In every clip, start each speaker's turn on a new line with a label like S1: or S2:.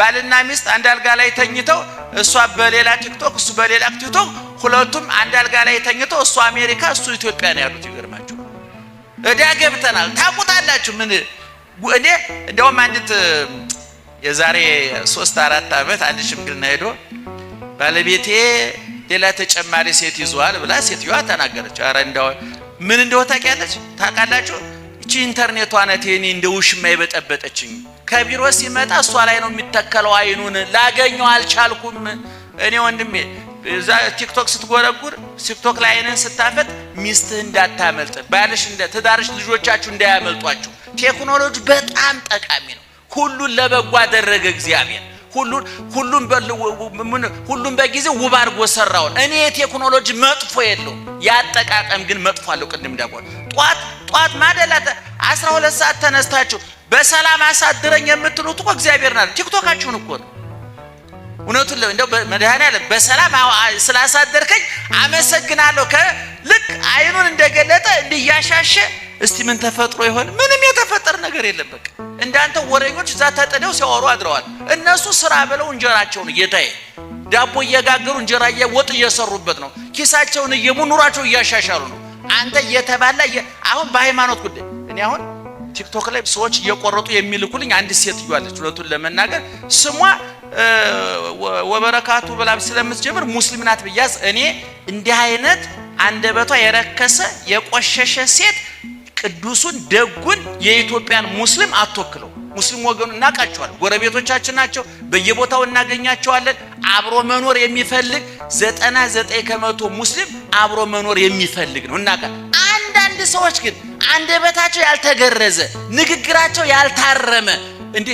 S1: ባልና ሚስት አንድ አልጋ ላይ ተኝተው እሷ በሌላ ቲክቶክ እሱ በሌላ ቲክቶክ ሁለቱም አንድ አልጋ ላይ ተኝተው እሱ አሜሪካ እሱ ኢትዮጵያ ነው ያሉት። ይገርማችሁ። እዳ ገብተናል። ታውቁታላችሁ። ምን እኔ እንደውም አንዲት የዛሬ ሶስት አራት ዓመት አንድ ሽምግልና ሄዶ ባለቤቴ ሌላ ተጨማሪ ሴት ይዟል ብላ ሴትዮዋ ተናገረች። ኧረ እንደው ምን እንደው ታውቂያለች ታውቃላችሁ። እቺ ኢንተርኔቷ ናት የኔ እንደ ውሽማ የበጠበጠችኝ ከቢሮ ሲመጣ እሷ ላይ ነው የሚተከለው አይኑን። ላገኘው አልቻልኩም። እኔ ወንድሜ እዛ ቲክቶክ ስትጎረጉር ቲክቶክ ላይ አይንን ስታፈጥ ሚስትህ እንዳታመልጥ፣ ባልሽ፣ እንደ ትዳርሽ፣ ልጆቻችሁ እንዳያመልጧችሁ። ቴክኖሎጂ በጣም ጠቃሚ ነው። ሁሉን ለበጎ አደረገ እግዚአብሔር። ሁሉን በል ሁሉን በጊዜ ውብ አድርጎ ሰራውን። እኔ የቴክኖሎጂ መጥፎ የለው ያጠቃቀም ግን መጥፎ አለው። ቅድም ደግሞ ጧት ጧት ማደላ 12 ሰዓት ተነስታችሁ በሰላም አሳድረኝ የምትሉት እኮ እግዚአብሔር ናት። ቲክቶካችሁን እኮ ነው። እውነቱን እንደው መድኃኔዓለም በሰላም ስላሳደርከኝ አመሰግናለሁ። ከልክ አይኑን እንደገለጠ እንዲያሻሸ እስቲ ምን ተፈጥሮ ይሆን? ምንም የተፈጠረ ነገር የለም። በቃ እንዳንተ ወረኞች እዛ ተጥደው ሲያወሩ አድረዋል። እነሱ ስራ ብለው እንጀራቸውን እየታየ ዳቦ እየጋገሩ እንጀራ ወጥ እየሰሩበት ነው። ኪሳቸውን እየሙ ኑሯቸው እያሻሻሉ ነው። አንተ እየተባላ አሁን በሃይማኖት ጉዳይ እኔ አሁን ቲክቶክ ላይ ሰዎች እየቆረጡ የሚልኩልኝ አንድ ሴት አለች። እውነቱን ለመናገር ስሟ ወበረካቱ ብላ ስለምትጀምር ሙስሊም ናት ብያዝ እኔ እንዲህ አይነት አንደበቷ የረከሰ የቆሸሸ ሴት ቅዱሱን ደጉን የኢትዮጵያን ሙስሊም አትወክለው። ሙስሊም ወገኑ እናውቃቸዋለን፣ ጎረቤቶቻችን ናቸው፣ በየቦታው እናገኛቸዋለን። አብሮ መኖር የሚፈልግ ዘጠና ዘጠኝ ከመቶ ሙስሊም አብሮ መኖር የሚፈልግ ነው። እናውቃ አንዳንድ ሰዎች ግን አንደበታቸው ያልተገረዘ ንግግራቸው ያልታረመ እንዴ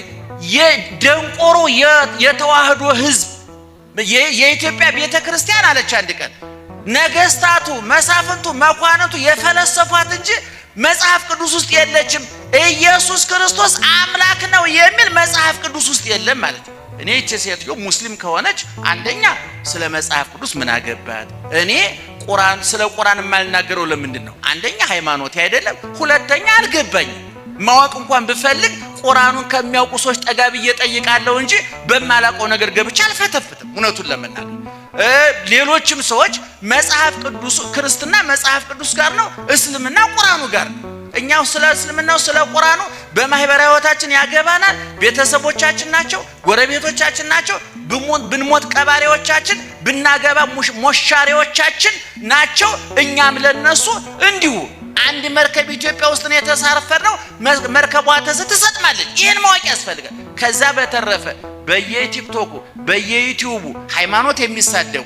S1: የደንቆሮ የተዋህዶ ህዝብ የኢትዮጵያ ቤተ ክርስቲያን አለች። አንድ ቀን ነገስታቱ፣ መሳፍንቱ፣ መኳንንቱ የፈለሰፏት እንጂ መጽሐፍ ቅዱስ ውስጥ የለችም። ኢየሱስ ክርስቶስ አምላክ ነው የሚል መጽሐፍ ቅዱስ ውስጥ የለም ማለት ነው። እኔ ይቺ ሴትዮ ሙስሊም ከሆነች አንደኛ ስለ መጽሐፍ ቅዱስ ምን አገባት? እኔ ቁርአን ስለ ቁርአን የማልናገረው ለምንድን ነው? አንደኛ ሃይማኖቴ አይደለም፣ ሁለተኛ አልገባኝም። ማወቅ እንኳን ብፈልግ ቁርአኑን ከሚያውቁ ሰዎች ጠጋ እየጠይቃለሁ እንጂ በማላውቀው ነገር ገብቼ አልፈተፍትም። እውነቱን ለመናገር ሌሎችም ሰዎች መጽሐፍ ቅዱስ ክርስትና መጽሐፍ ቅዱስ ጋር ነው፣ እስልምና ቁርአኑ ጋር ነው። እኛው ስለ እስልምናው ስለ ቁርአኑ በማህበራዊ ህይወታችን ያገባናል። ቤተሰቦቻችን ናቸው፣ ጎረቤቶቻችን ናቸው፣ ብንሞት ቀባሪዎቻችን፣ ብናገባ ሞሻሪዎቻችን ናቸው። እኛም ለነሱ እንዲሁ አንድ መርከብ ኢትዮጵያ ውስጥ ነው የተሳፈርነው። መርከቧ ትሰጥማለች። ይህን ማወቅ ያስፈልጋል። ከዛ በተረፈ በየቲክቶኩ በየዩቲዩቡ ሃይማኖት የሚሳደቡ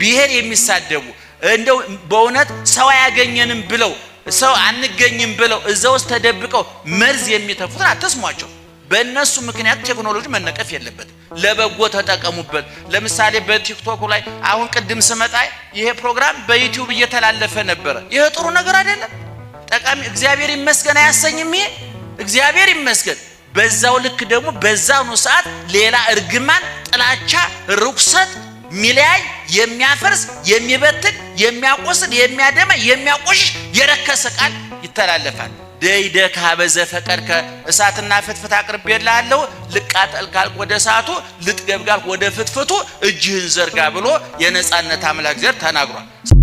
S1: ብሔር የሚሳደቡ እንደው በእውነት ሰው አያገኘንም ብለው ሰው አንገኝም ብለው እዛ ውስጥ ተደብቀው መርዝ የሚተፉትን አትስሟቸው። በእነሱ ምክንያት ቴክኖሎጂ መነቀፍ የለበት። ለበጎ ተጠቀሙበት። ለምሳሌ በቲክቶክ ላይ አሁን ቅድም ስመጣ ይሄ ፕሮግራም በዩቲዩብ እየተላለፈ ነበረ። ይሄ ጥሩ ነገር አይደለም፣ ጠቃሚ እግዚአብሔር ይመስገን አያሰኝም። ይሄ እግዚአብሔር ይመስገን። በዛው ልክ ደግሞ በዛኑ ሰዓት ሌላ እርግማን፣ ጥላቻ፣ ርኩሰት ሚለያይ የሚያፈርስ የሚበትን የሚያቆስል የሚያደማ የሚያቆሽሽ የረከሰ ቃል ይተላለፋል። ደይደ ካበዘ ፈቀድከ እሳትና ፍትፍት አቅርቤልሃለሁ። ልቃጠል ካልክ ወደ እሳቱ፣ ልጥገብ ካልክ ወደ ፍትፍቱ እጅህን ዘርጋ ብሎ የነጻነት አምላክ ዘር ተናግሯል።